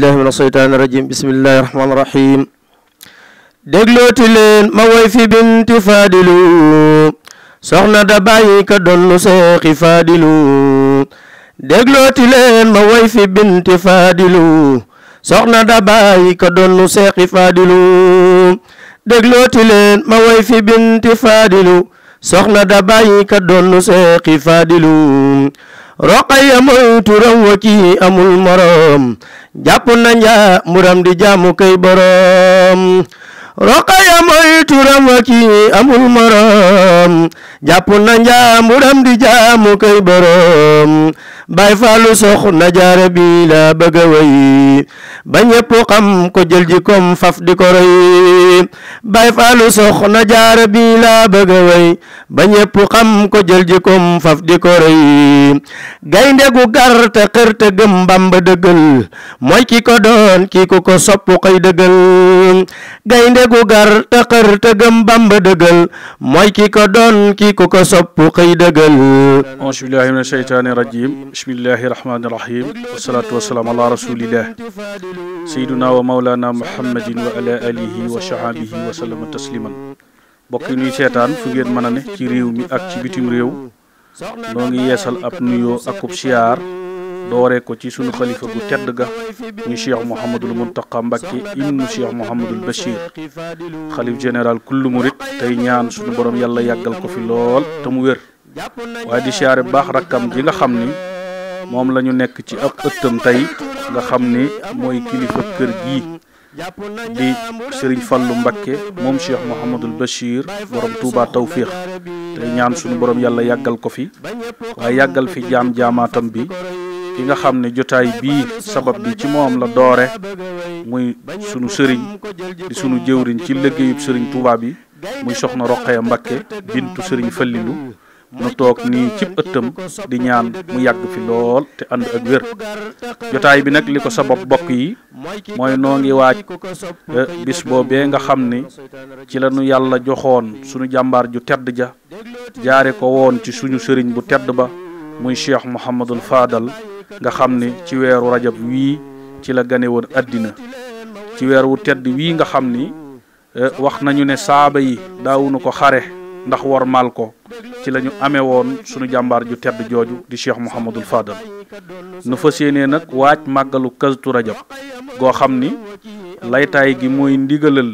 billahi mina sheytaani rajim bismillahi rahmaani rahim déglooti leen ma woy fi binti faadilu soxna da bàyyi ka donnu seexi faadilu déglooti leen ma woy fi binti faadilu soxna da bàyyi ka donnu seexi faadilu déglooti leen ma woy fi binti faadilu soxna da bàyyi ka donnu seexi faadilu roqaya mooy turam wa ci amul morom jàpp na njaa muram di jaamu kay boroom roqaya mooy turam wa kii amul morom jàpp na njaamuram di jaamu kay borom bay faalu soxna jaare bi la bëgg a ba ñëpp xam ko jël ji kom faf di ko roy bay faalu soxna jaare bi la bëgg a way ba ñëpp xam ko jël ji kom faf di ko roy gaynde gu gar te xër te gëm Bamba dëggal mooy ki ko doon ki ku ko sopp koy dëggal gaynde gu gar te xër te gëm bamba dëggal mooy ki ko doon ki ku ko sopp xëy dëggal auzu billahi min asheytaani rajim bismillahi rahmaani rahim wasalaatu wasalaam ala wa mawlana muhammadin wa ala wa sahaabihi wa sallama tasliman mbokk yi nuy seetaan fu ngeen a ne ci réew mi ak ci bitim réew noo ngi yeesal ab nuyoo akub siyaar dooree ko ci sunu xalifa gu tedd ga muy cheikh Mouhamadul Muntaqa Mbacke ibnu cheikh Mouhamadul Bachir xalif général kullu murit tey ñaan sunu borom yàlla yàggal ko fi lool te mu wér waaye di siyaare baax rakkam ji nga xam ni moom la ñu nekk ci ab ëttam tey nga xam ni mooy kilifa kër gii di Serigne Fallou Mbacke moom cheikh Mouhamadul Bachir borom Touba Tawfiq tey ñaan sunu borom yàlla yàggal ko fi waaye yàggal fi jaam jaamaatam bi. ki nga xam ne jotaay bii sabab bi ci moom la doore muy sunu sëriñ di sunu jëwriñ ci liggéeyub sëriñ Touba bi muy soxna Roqaya Mbakke bintu sëriñ Fallilu nu toog nii cib ëttam di ñaan mu yàgg fi lool te ànd ak wér jotaay bi nag li ko sabab bokk yi mooy noo ngi waaj eh, bis bee nga xam ni ci la nu yàlla joxoon sunu jàmbaar ju tedd ja jaare ko woon ci suñu sëriñ bu tedd ba muy cheikh Mouhamadul Fadal nga xam ne ci weeru rajab wii ci la gane woon àddina ci weer wu tedd wii nga xam ni eh, wax nañu ne saaba yi daawuñu ko xare ndax war mal ko ci lañu amee woon suñu jàmbaar ju tedd jooju di cheikh mouhamadul fadal nu fas yéenee nag waaj màggalu kazu rajab goo xam ni laytaay gi mooy ndigalal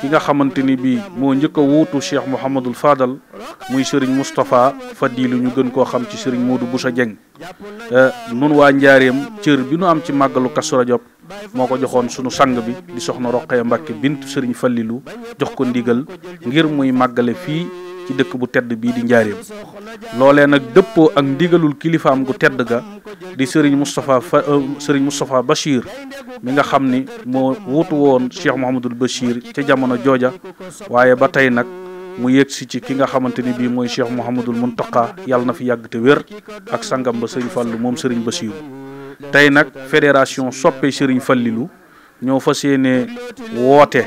ki nga xamante ni bii moo njëkk a wuutu cheikh Mouhamadul Fadal muy sëriñ Moustapha diilu ñu gën koo xam ci sëriñ Modou Boussa Dieng nun waa njaareem cër bi nu am ci màggalu Kazu Rajab moo ko joxoon sunu sang bi di soxna Roqaya Mbàkke bint sëriñ Falilu jox ko ndigal ngir muy màggale fii ci dëkk bu tedd bii di njaareem loolee nag dëppoo ak ndigalul kilifaam gu tedd ga di sëriñ Moustapha fa euh, sëriñ Moustapha Bachir mi nga xam ni moo wutu woon Cheikh Mouhamadul Bachir ca jamono jooja waaye ba tey nag mu yegg si ci ki nga xamante ni bii mooy Cheikh Mouhamadul Mountakha yàlla na fi yàgg te wér ak sangam ba sëriñ Fallou moom sëriñ Bachir tey nag fédération soppe sëriñ Fallilou ñoo fas yéene woote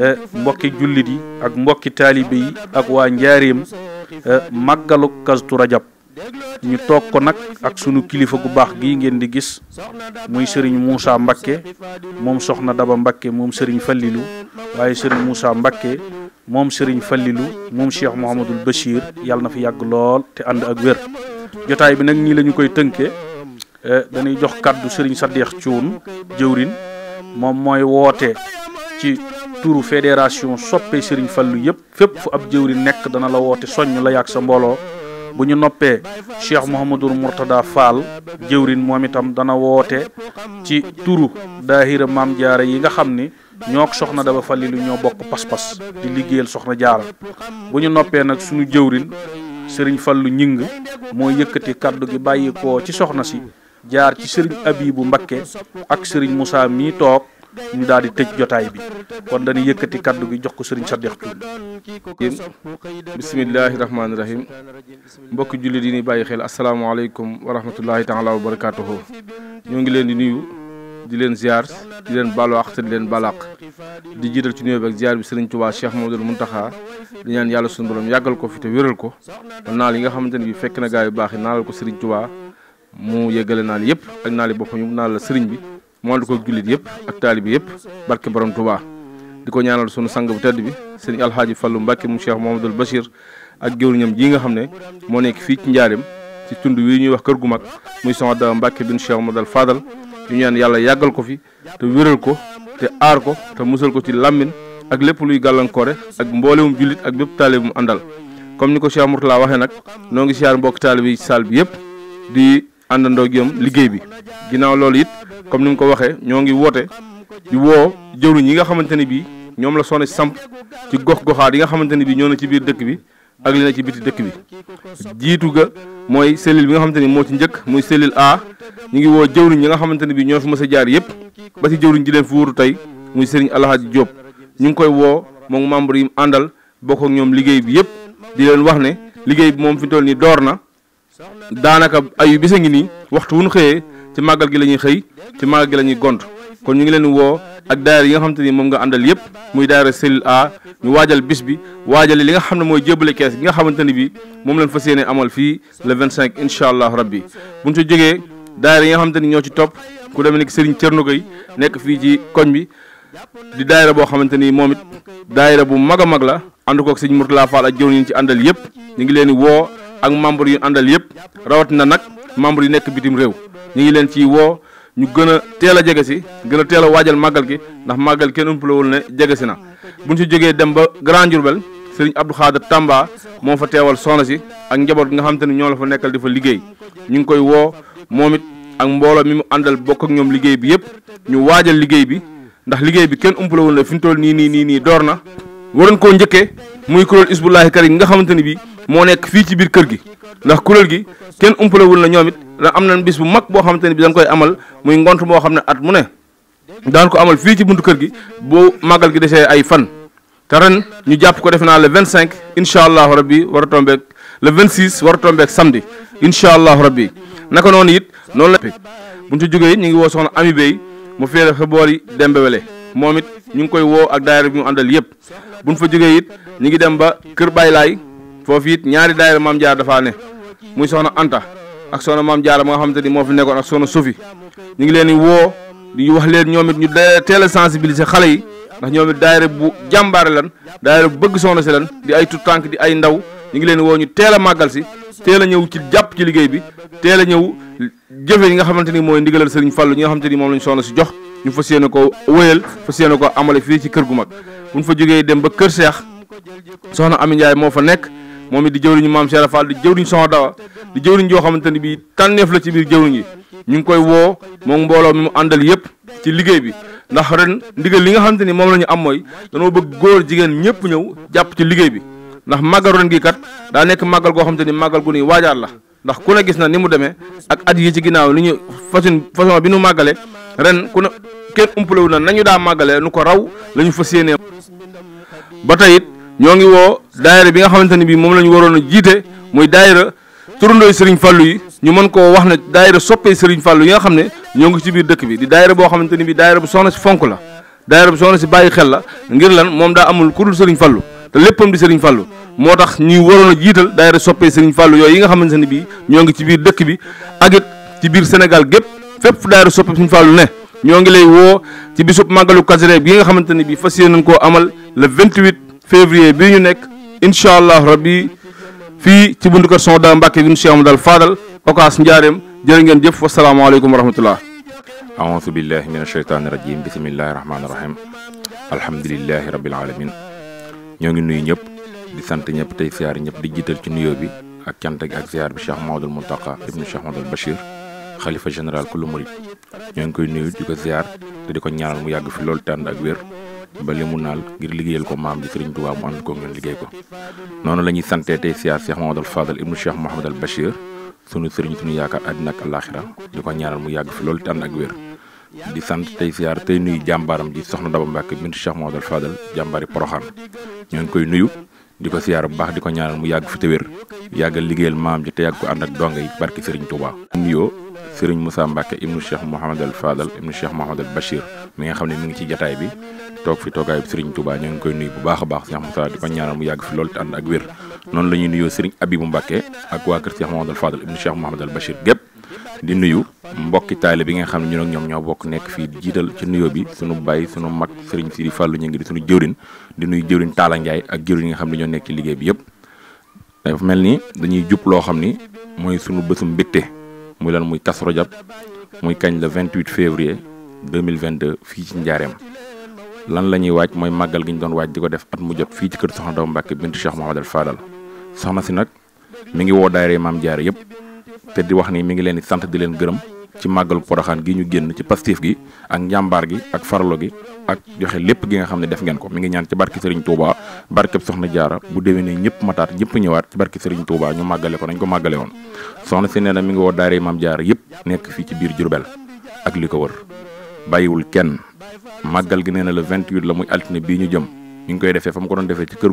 eh, mbokki jullit yi ak mbokki taalibe yi ak waa njaareem eh, màggalu kazu rajab ñu toog ko nag ak sunu kilifa gu baax gii ngeen di gis muy sëriñ Moussa Mbakke moom soxna Daba Mbakke moom sëriñ Fallilu waaye sëriñ Moussa Mbakke moom sëriñ Fallilu moom Cheikh Mouhamadul Bachir yàlla na fi yàgg lool te ànd ak wér jotaay bi nag ñii lañu koy tënke eh, dañuy jox kàddu sëriñ Sadeex Cuun jëwrin moom mooy woote ci turu fédération soppe Serigne Fallou yëpp fépp fu ab jëwri nekk dana la woote soññ la yàgg sa mbooloo bu ñu noppee Cheikh Mouhamadul Mourtada Fall jëwrin moom itam dana woote ci turu daahira maam jaara yi nga xam ni ñoo soxna Daba Fallilu ñoo bokk pas-pas di liggéeyal soxna jaara bu ñu noppee nag suñu jëwrin Serigne Fallou ñing moo yëkkati kàddu gi bàyyikoo ci soxna si jaar ci Serigne Abibu Mbakke ak Serigne Moussa mii toog ñu daal di tëj jotaay bi kon dañuy yëkkati kaddu gi jox ko sëriñ Saddex Thioune. bismillaahi rahmaani rahim mbokki jullit yi ni bàyyi xel asalaamaaleykum wa rahmatullahi taala wa barakaatuhu ñoo ngi leen di nuyu di leen ziar di leen baalu àq te di leen balaq di jiital ci nuyoo bi ak ziar bi sëriñ Tuubaa Cheikh Mamadou Muntaxa di ñaan yàlla suñu borom yàggal ko fi te wéral ko naal yi nga xamante ne bi fekk na gaa yu baax yi naalal ko sëriñ Tuubaa mu yëggale naal yëpp ak naal yi boppam ñu naal la sëriñ bi. mool ko jullit yépp ak taalibi yépp barke borom tuba di ko ñaanal sunu sang bu tedd bi seen alhaji fallu mbàkke mu cheikh mohamadul bachir ak jëwriñam ji nga xam ne moo nekk fii ci njaarim ci tund wi ñuy wax kër gu mag muy sama daa mbàkke bin cheikh mohamadul fadal ñu ñaan yàlla yàggal ko fi te wéral ko te aar ko te musal ko ci làmmin ak lépp luy gàllankoore ak mboolewum jullit ak bépp taalibum àndal comme ni ko cheikh mourtala waxee nag noo ngi siyaar mbokk taalib yi ci saal bi yépp di àndandoog yom liggéey bi ginnaaw loolu it comme ni mu ko waxee ñoo ngi woote di woo jëwriñ yi nga xamante ne bii ñoom la Sones samp ci gox goxaat yi nga xamante ne bii ñoo na ci biir dëkk bi ak li na ci biti dëkk bi mooy cellule bi nga xamante ni moo ci njëkk muy cellule A ngi woo jëwriñ yi nga xamante ne bii ñoo fi mës jaar yëpp ba ci jëwriñ ji leen fi wuutu tey muy Serigne Alhaji Diop ñu ngi koy woo moom membre yi àndal bokk ak ñoom liggéey bi yëpp di leen wax ne liggéey bi moom fi toll nii door na daanaka ayu bisa ngi nii waxtu wu ñu xëyee ci màggal gi la ñuy xëy ci màggal gi la ñuy gont kon ñu ngi leen woo ak daayira yi nga xam te ni moom nga àndal yëpp muy daayira cellule A ñu waajal bis bi waajal li nga xam ne mooy jébbale kees bi nga xamante ni bi moom leen fa yéene amal fii le cinq incha allah rabbi buñ ci jógee daayira yi nga xam te ni ñoo ci topp ku demee ni Serigne Thierno Gueye nekk fii ci koñ bi di daayira boo xamante ni moom it daayira bu mag a mag la ànd koog sëñ Mourtala Fall ak jëw ñu ci àndal yëpp ñu ngi leen woo ak membre yu àndal yëpp rawat na nag membre yu nekk bitim réew ñu ngi leen ci woo ñu gën a teel a jege si gën a teel a waajal màggal gi ndax màggal kenn umpalewul ne jege si na buñ si jógee dem ba Grand Diourbel sëriñ Abdou Khader Tamba moo fa teewal soxna si ak njaboot gi nga xam te ne ñoo la fa nekkal di fa liggéey ñu ngi koy woo moom it ak mbooloo mi mu àndal bokk ak ñoom liggéey bi yëpp ñu waajal liggéey bi ndax liggéey bi kenn umpalewul ne fi ñu toll nii nii nii nii door na waroon koo muy kuréel isbullahi karim nga xamante ni bii moo nekk fii ci biir kër gi ndax kuréel gi kenn umpalewul na ñoom it la am na bis bu mag boo xamante ni bii dañ koy amal muy ngont moo xam ne at mu ne daan ko amal fii ci buntu kër gi boo màggal gi desee ay fan te ren ñu jàpp ko def naa le vingt cinq incha allahu rabbi war a tombeeg le vingt six war a tombeeg samedi incha allahu rabbi naka noonu it noonu la buñ ci jógee ñu ngi woo soxna ami bay mu féere fa boori dembewele moom it ñu ngi koy woo ak daayira bi mu àndal yëpp buñ fa jógee it ñu ngi dem ba Kër Baay Laay foofu it ñaari daayira maam Jaara dafaa ne muy soxna Anta ak soxna maam Jaara ma nga xamante ni moo fi nekkoon ak soxna Sofi ñu ngi leen di woo wax leen ñoom it ñu teel a xale yi ñoom it bu jàmbaare lan daayira bu bëgg soxna si lan di ay tout tànk ay ndaw ñu ngi leen woo ñu teel a si teel a ñëw ci jàpp ci liggéey bi teel ñëw jëfe yi nga xamante ni mooy ndigalal Sëriñ moom lañ soxna si jox ñu fas ko wëyal fas ko amale fi ci kër gu mag buñ fa joggé dem ba kër cheikh soxna ami njaay mo fa nek momi di jëwriñu mam Cheikh Fall di jëwriñ soxna dawa di jëwriñ jo xamanteni bi tanef la ci bir jëwriñ ñu ngi koy mo mbolo mi mu andal yépp ci liggéey bi ndax ren ndigal li nga xamanteni mom lañu am moy dañu bëgg goor jigen ñëpp ñëw japp ci liggéey bi ndax magal ren gi kat da nek magal go xamanteni magal gu ni la ndax ku ne gis na ni mu demee ak at yi ci ginnaaw li ñu façon façon bi nu màggale ren ku ne kenn umpalewu na nañu daa màggale nu ko raw la ñu fas yéenee ba tey ñoo ngi woo daayira bi nga xamante ne bii moom la ñu waroon a jiite muy daayira turandooy Serigne Fallou yi ñu mën koo wax ne daayira soppee Serigne Fallou yi nga xam ne ñoo ngi ci biir dëkk bi di daayira boo xamante ni bii daayira bu soxna si fonk la daayira bu soxna si bàyyi xel la ngir lan moom daa amul ku dul Serigne Fallou te léppam di Serigne Fallou moo tax ñuy waroon a jiital daayira soppee sëriñ fàllu yooyu yi nga xamante ne bii ñoo ngi ci biir dëkk bi ak ci biir Sénégal gépp fépp daayira soppee sëriñ fàllu ne ñoo ngi lay woo ci bisub màggalu Kazu Rajab bi nga xamante ne bii fas yéene nañ koo amal le 28 février bii ñu nekk incha allah rabbi fii ci buntu kër son da Mbàkke bi Cheikh Amadou Fadal okaas njaareem jërë ngeen jëf wasalaamaaleykum wa rahmatullah aoudu billahi min asheytaani rajim bismillahi rahmaani rahim alhamdulilahi rabil alamin ñoo ngi nuyu ñëpp di sant ñëpp tey siyaar di jiital ci nuyoo bi ak cant gi ak siyaar bi Cheikh Maodul Mountakha ibnu Cheikh Maodul Bachir mu yàgg fi loolu tànd ak wér ba ko maam ji Sëriñ Tuubaa mu la ñuy santee tey siyaar Cheikh Maodul Fadal ibnu Cheikh Mahamadul Bachir sunu ko ñaanal mu yàgg fi loolu tànd ak wér di sant tey siyaar tey nuyu jàmbaaram ji soxna Daba Mbàkke bintu Cheikh Maodul Fadal jàmbaari Poroxaan ñoo ngi koy nuyu di ko siyaar bu baax di ko ñaanal mu yàgg fi te wér yàggal liggéeyal maam ji te yàgg ko ànd ak donga yi barki Serigne Touba. nuyoo Serigne Moussa Mbacke ibnu Cheikh Mouhamadul Fadal ibnu Cheikh Mouhamadul Bachir mi nga xam ne mi ngi ci jataay bi toog fi toogaay bi Serigne Touba ñoo ngi koy nuyu bu baax baax Cheikh Moussa di ko ñaanal mu yàgg fi loolu te ànd noonu la nuyoo Serigne Abibou Mbacke ak waa kër Cheikh Mouhamadul Fadal ibnu Cheikh Mouhamadul Bachir gépp di nuyu mbokki taali bi nga xam ne ñun ak ñoom ñoo bokk nekk fii di jiital ci nuyoo bi sunu bàyyi sunu mag sëriñ Sidi Fallou ñu ngi di sunu jëwrin di nuyu jëwrin Talla Ndiaye ak jëwrin yi nga xam ne ñoo nekk ci liggéey bi yëpp mel ni dañuy jub loo xam ni mooy sunu bésum mbégte muy lan muy Kazu Rajab muy kañ le 28 février 2022 fii ci Njaareem lan la ñuy waaj mooy màggal gi ñu doon waaj di ko def at mu jot fii ci kër Soxna Doomu Mbàkke bint Cheikh Mouhamadou soxna si nag mi ngi woo daayira Maam Jaara yëpp te di wax ni mi ngi leen di sant di leen gërëm ci màggalu poroxaan gi ñu génn ci pastif gi ak njàmbaar gi ak farlo gi ak joxe lépp gi nga xam ne def ngeen ko mi ngi ñaan ci barki Serigne Touba barkeb soxna jaara bu déwénee ñëpp mataat ñëpp ñëwaat ci barki Serigne Touba ñu màggale ko nañ ko màggale woon soxna si nee na mi ngi woo daare maam jaara yëpp nekk fii ci biir Jurbel ak li ko wër bàyyiwul kenn màggal gi nee na la muy altine bii ñu jëm mu ko doon defee ci kër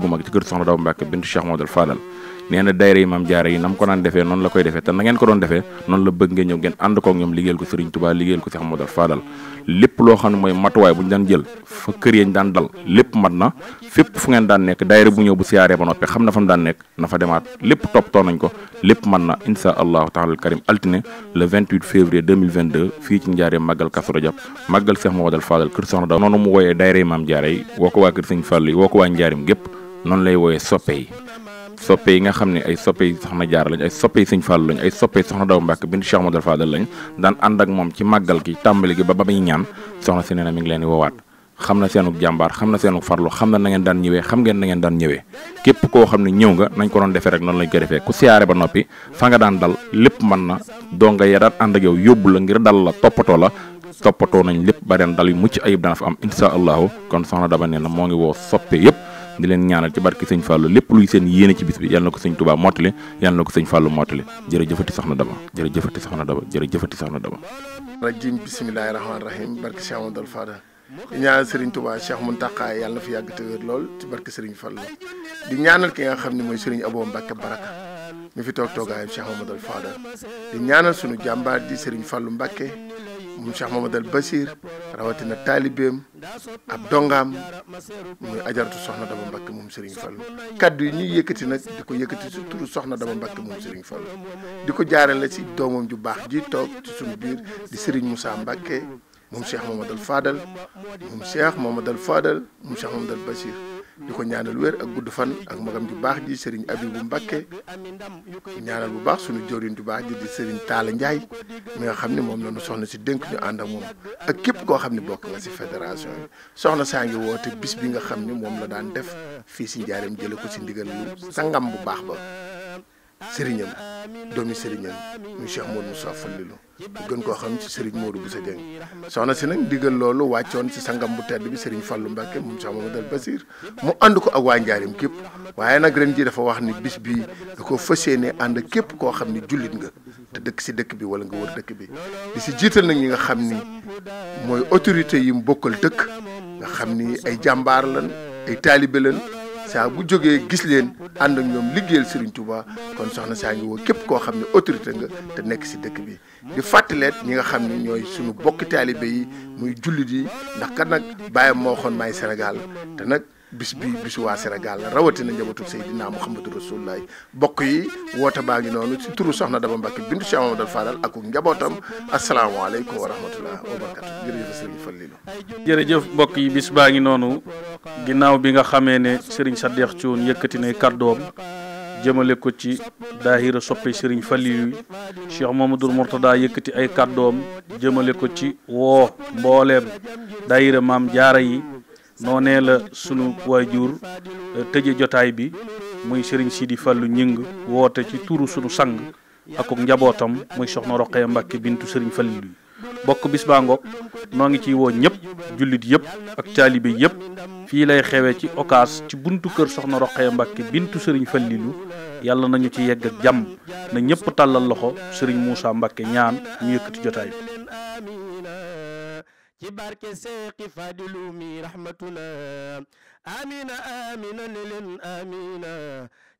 nee na daayira yi maam yi na mu ko daan defee noonu la koy defee te na ko doon defee noonu la bëgg ngeen ñëw ngeen ànd kook ñoom liggéeyal ko Serigne Touba liggéeyal ko Seex Ahmadou Fadal lépp loo xam ne mooy matuwaay bu ñu daan jël fa kër yañ daan dal lépp mat na fépp fu ngeen daan nekk daayira bu ñëw bu siyaaree ba noppi xam na fa mu daan nekk na fa demaat lépp toppatoo nañ ko lépp mat na insha allahu taala karim altine le 28 février 2022 fii ci njaaree màggal Kazu Rajab màggal Seex Ahmadou Fadal kër soxna da noonu mu wooyee daayira yi woo ko soppé yi nga xam ay soppé soxna jaar lañ ay soppé yi fall lañ ay soppé soxna Daw mbak bin Cheikh Modou Fadal lañ dan and ak mom ci magal gi tambali gi ba ba ñaan soxna si mi ngi leen di woowaat xam seenu jambar xamna seenu farlu xamna na ngeen daan ñëwee xam ngeen na ngeen daan ñëwee képp ko xam ñëw nga nañ ko doon defee rek non lañ ko defee ku siaré ba nopi fa nga daan dal lepp man na do nga ya daan and ak yow yobul la ngir dal la topato la topato nañ lepp ba ren dal yu mucc ayib dana fa am insha allahu kon soxna daba neena mo ngi wo soppé yépp di leen ñaanal ci barki sëñ Fallou lépp luy seen yéene ci bis bi yàlla na ko sëñ Touba mottali yàlla na ko sëñ Fallou mottali jërëjëfati soxna Daba jërëjëfati soxna Daba jërëjëfati soxna Daba rajim bisimilahi rahmaani rahim barki Cheikh Amadou Fada di ñaanal Serigne Touba Cheikh Mountakha yàlla na fi yàgg te wér lool ci barki Serigne Fallou di ñaanal ki nga xam ne mooy Serigne Abo Mbacke Baraka mu fi toog toogaayam Cheikh Amadou Fada di ñaanal sunu jàmbaar di Serigne Fallou Mbacke moom Cheikh Mamadou Bachir rawatina taalibeem ab dongaam muy ajaratu soxna Daba Mbacke moom Serigne Fallou kaddu yi ñuy yëkkati nag di ko yëkkati si turu soxna Daba Mbacke moom Serigne Fallou di ko jaarale si doomam ju baax ji toog ci suñu biir di Serigne Moussa Mbacke moom a Mamadou Fadal moom Cheikh Mamadou Fadal moom Cheikh Mamadou Bachir. di ko ñaanal wér ak gudd fan ak magam ju baax ji sëriñ Abibu Mbàkke ñaanal bu baax suñu jëwriñ ju baax ji di sëriñ Taala Njaay mi nga xam ne moom la nu soxna si dénk ñu ànd ak moom ak képp koo xam ne bokk nga si fédération soxna saa ngi woote bis bi nga xam ne moom la daan def fii si njaareem jële ko si ndigal lu sangam bu baax ba sëriñam doomi sëriñam muy Cheikh Modou Moussa Fallilou gën koo xam ci sëriñ Modou Bousso Dieng soxna si nag digal loolu wàccoon ci sangam bu tedd bi sëriñ Fallou Mbacke moom Cheikh Mamadou Basir mu ànd ko ak waa njaarim képp waaye nag ren ji dafa wax ni bis bi da ko fas yéene ànd ak képp koo xam ni jullit nga te dëkk si dëkk bi wala nga wër dëkk bi di si jiital nag ñi nga xam ni mooy autorité yi mu bokkal dëkk nga xam ni ay jàmbaar lan ay taalibe lan saa bu jógee gis leen ànd ak ñoom liggéeyal Serigne Touba kon soxna saa ngi woo képp koo xam ne autorité nga te nekk si dëkk bi di fàttaleet ñi nga xam ne ñooy suñu bokki taalibe yi muy jullit yi ndax kat nag bàyyam moo xoon may Sénégal te nag bis bi bisu waa Sénégal la rawatina njabootu Seydina Mouhamadou Rasulullah bokk yi woote baa ngi noonu ci turu Soxna Daba Mbacke bintu Cheikh Mamadou Fadal ak njabootam asalaamaaleykum wa rahmatullah wa barakatu jërëjëf Serigne Fallilou jërëjëf mbokk yi bis baa ngi noonu ginnaaw bi nga xamee ne Serigne dex Thioune yëkkati na kàddoom jëmale ko ci daahira soppe Serigne Fallilou yi Cheikh Mamadou Mourtada yëkkati ay kàddoom jëmale ko ci woo mbooleem daahira yi noonee la sunu waajur eh, tëje jotaay bi muy Serigne Sidi Fallou ñing woote ci turu sunu sang ak njabootam muy soxna Roqaya Mbacke bintu Serigne Fallou bokk bis baa ngoog noo ngi ciy woo ñëpp jullit yëpp ak taalibe yëpp fii lay xewee ci okaas ci buntu kër soxna Roqaya Mbacke bintu Serigne Fallou yàlla nañu ci yegg ak jàmm na ñëpp tàllal loxo sëriñ Moussa Mbacke ñaan ñu yëkkati jotaay bi. كبارك ساقي فادلومي رحمتنا آمين آمين للن آمين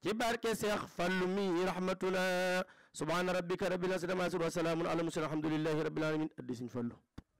كبارك ساق فلومي رحمتنا سبحان ربك رب العزة ما سر وسلام على المسلم الحمد لله رب العالمين أدي سنفلو